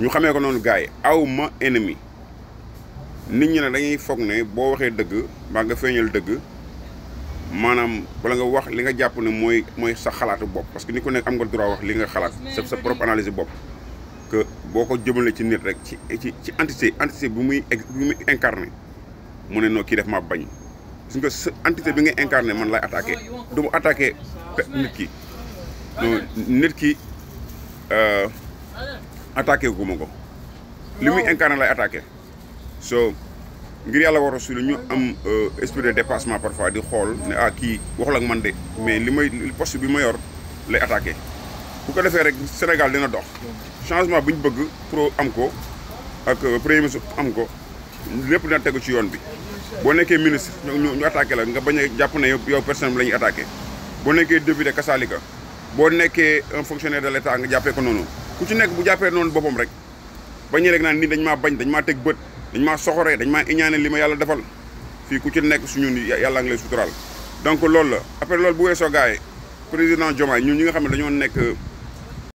ñu xamé ko nonu gaay awma aw ennemi nit ñi na dañuy fokk ne bo waxé dëgg ba nga feñal dëgg manam wala nga wax li nga japp ne moy moy sa xalaatu bop parce que ni ko nekk am nga droit wax li nga xalaat sa sa propre analyse bop que boko jëmele ci nit rek ci ci ci entité entité bu muy bu muy incarner mu ne noo kii def ma bañ gis nga sa entité bi nga incarner man lay attaquer du mu attaqué nit ki nit ki euh attaqué wu ma ko. li muy incarné lay attaqué. so ngir yàlla war a ñu am euh, esprit de dépassement parfois di xool ne a ah, kii waxul ak man de mais li may poste bi ma yor lay attaqué bu ko defee rek Sénégal dina dox. changement bu ñu bëgg pour am ko ak euh, premier ministre am ko lépp dina tegu ci yoon bi. boo nekkee ministre ñu ñu attaqué la nga bañ a jàpp ne yow personne la ñuy attaqué boo nekkee député kasaalika boo nekkee un fonctionnaire de l' nga jàppee ko noonu. ku ci nek bu jappé non bopom rek bañ rek naan ni dañ ma bañ dañ ma teg bët dañ ma soxoré dañ ma iñané lima yalla defal fi ku ci nek suñu yalla ngi lay sutural donc lool la après lool bu wéso gaay président jomay ñun ñi nga xamné dañu nek